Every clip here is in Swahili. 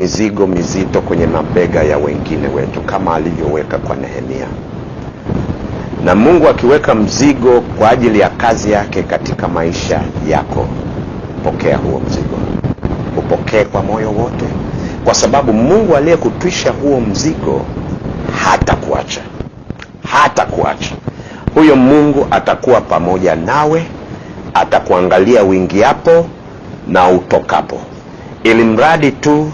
mizigo mizito kwenye mabega ya wengine wetu kama alivyoweka kwa Nehemia. Na Mungu akiweka mzigo kwa ajili ya kazi yake katika maisha yako, pokea huo mzigo, upokee kwa moyo wote, kwa sababu Mungu aliyekutwisha huo mzigo hata kuacha. Huyo Mungu atakuwa pamoja nawe, atakuangalia wingi hapo na utokapo, ili mradi tu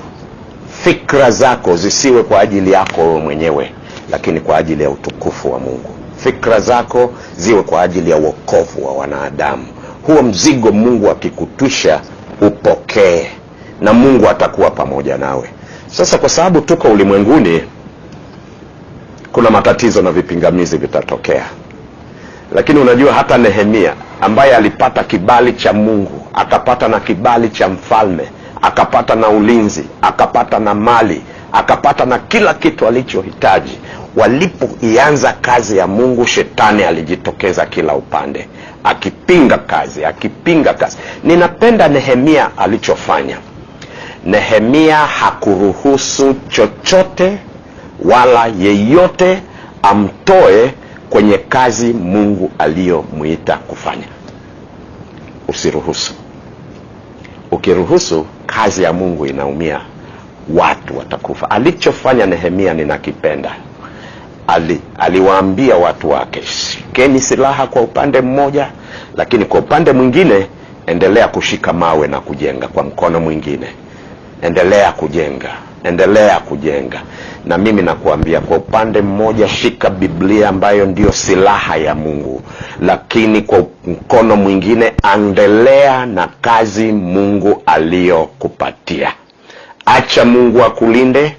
fikra zako zisiwe kwa ajili yako wewe mwenyewe, lakini kwa ajili ya utukufu wa Mungu. Fikra zako ziwe kwa ajili ya wokovu wa wanadamu. Huo mzigo Mungu akikutwisha upokee, na Mungu atakuwa pamoja nawe. Sasa kwa sababu tuko ulimwenguni, kuna matatizo na vipingamizi vitatokea, lakini unajua hata Nehemia ambaye alipata kibali cha Mungu akapata na kibali cha mfalme akapata na ulinzi, akapata na mali, akapata na kila kitu alichohitaji. Walipoianza kazi ya Mungu, shetani alijitokeza kila upande akipinga kazi, akipinga kazi. Ninapenda Nehemia alichofanya. Nehemia hakuruhusu chochote wala yeyote amtoe kwenye kazi Mungu aliyomwita kufanya. Usiruhusu. Ukiruhusu kazi ya Mungu inaumia, watu watakufa. Alichofanya Nehemia ninakipenda. Ali, aliwaambia watu wake, shikeni silaha kwa upande mmoja, lakini kwa upande mwingine endelea kushika mawe na kujenga. Kwa mkono mwingine endelea kujenga endelea kujenga. Na mimi nakuambia kwa upande mmoja, shika Biblia ambayo ndiyo silaha ya Mungu, lakini kwa mkono mwingine, endelea na kazi Mungu aliyokupatia. Acha Mungu akulinde,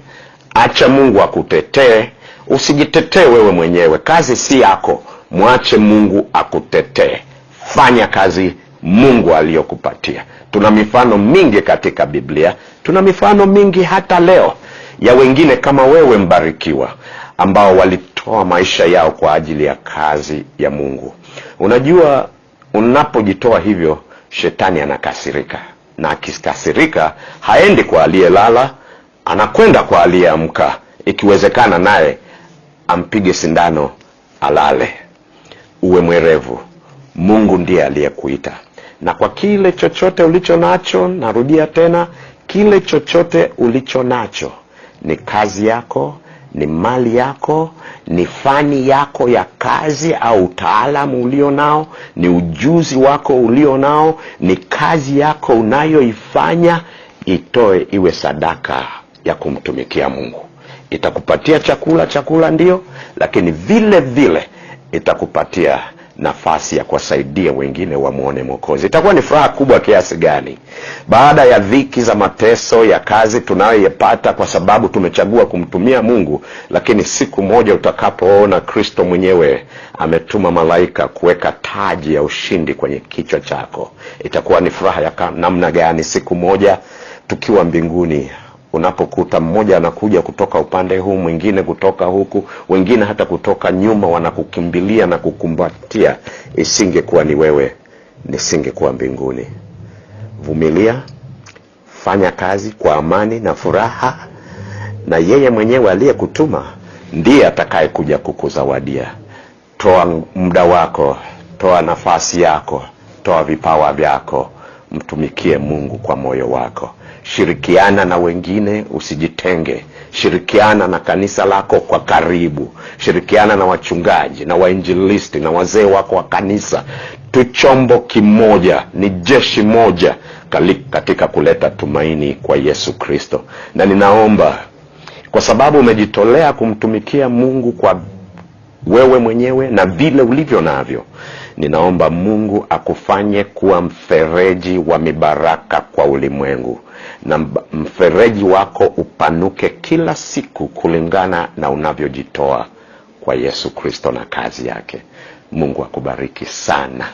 acha Mungu akutetee. Usijitetee wewe mwenyewe, kazi si yako, mwache Mungu akutetee. Fanya kazi Mungu aliyokupatia. Tuna mifano mingi katika Biblia, tuna mifano mingi hata leo ya wengine kama wewe mbarikiwa, ambao walitoa maisha yao kwa ajili ya kazi ya Mungu. Unajua, unapojitoa hivyo, shetani anakasirika, na akikasirika haendi kwa aliyelala, anakwenda kwa aliyeamka, ikiwezekana naye ampige sindano alale. Uwe mwerevu, Mungu ndiye aliyekuita na kwa kile chochote ulicho nacho, narudia tena, kile chochote ulicho nacho, ni kazi yako, ni mali yako, ni fani yako ya kazi au utaalamu ulio nao, ni ujuzi wako ulio nao, ni kazi yako unayoifanya, itoe iwe sadaka ya kumtumikia Mungu. Itakupatia chakula, chakula ndio, lakini vile vile itakupatia nafasi ya kuwasaidia wengine wamwone Mwokozi. Itakuwa ni furaha kubwa kiasi gani baada ya dhiki za mateso ya kazi tunayoyapata kwa sababu tumechagua kumtumia Mungu, lakini siku moja utakapoona Kristo mwenyewe ametuma malaika kuweka taji ya ushindi kwenye kichwa chako, itakuwa ni furaha ya namna gani siku moja tukiwa mbinguni unapokuta mmoja anakuja kutoka upande huu, mwingine kutoka huku, wengine hata kutoka nyuma wanakukimbilia na kukumbatia, isingekuwa ni wewe, nisingekuwa mbinguni. Vumilia, fanya kazi kwa amani na furaha, na yeye mwenyewe aliyekutuma ndiye kuja kukuzawadia. Toa muda wako, toa nafasi yako, toa vipawa vyako, mtumikie Mungu kwa moyo wako. Shirikiana na wengine, usijitenge. Shirikiana na kanisa lako kwa karibu, shirikiana na wachungaji na wainjilisti na wazee wako wa kanisa. Tu chombo kimoja, ni jeshi moja katika kuleta tumaini kwa Yesu Kristo. Na ninaomba kwa sababu umejitolea kumtumikia Mungu kwa wewe mwenyewe na vile ulivyo navyo Ninaomba Mungu akufanye kuwa mfereji wa mibaraka kwa ulimwengu, na mfereji wako upanuke kila siku kulingana na unavyojitoa kwa Yesu Kristo na kazi yake. Mungu akubariki sana.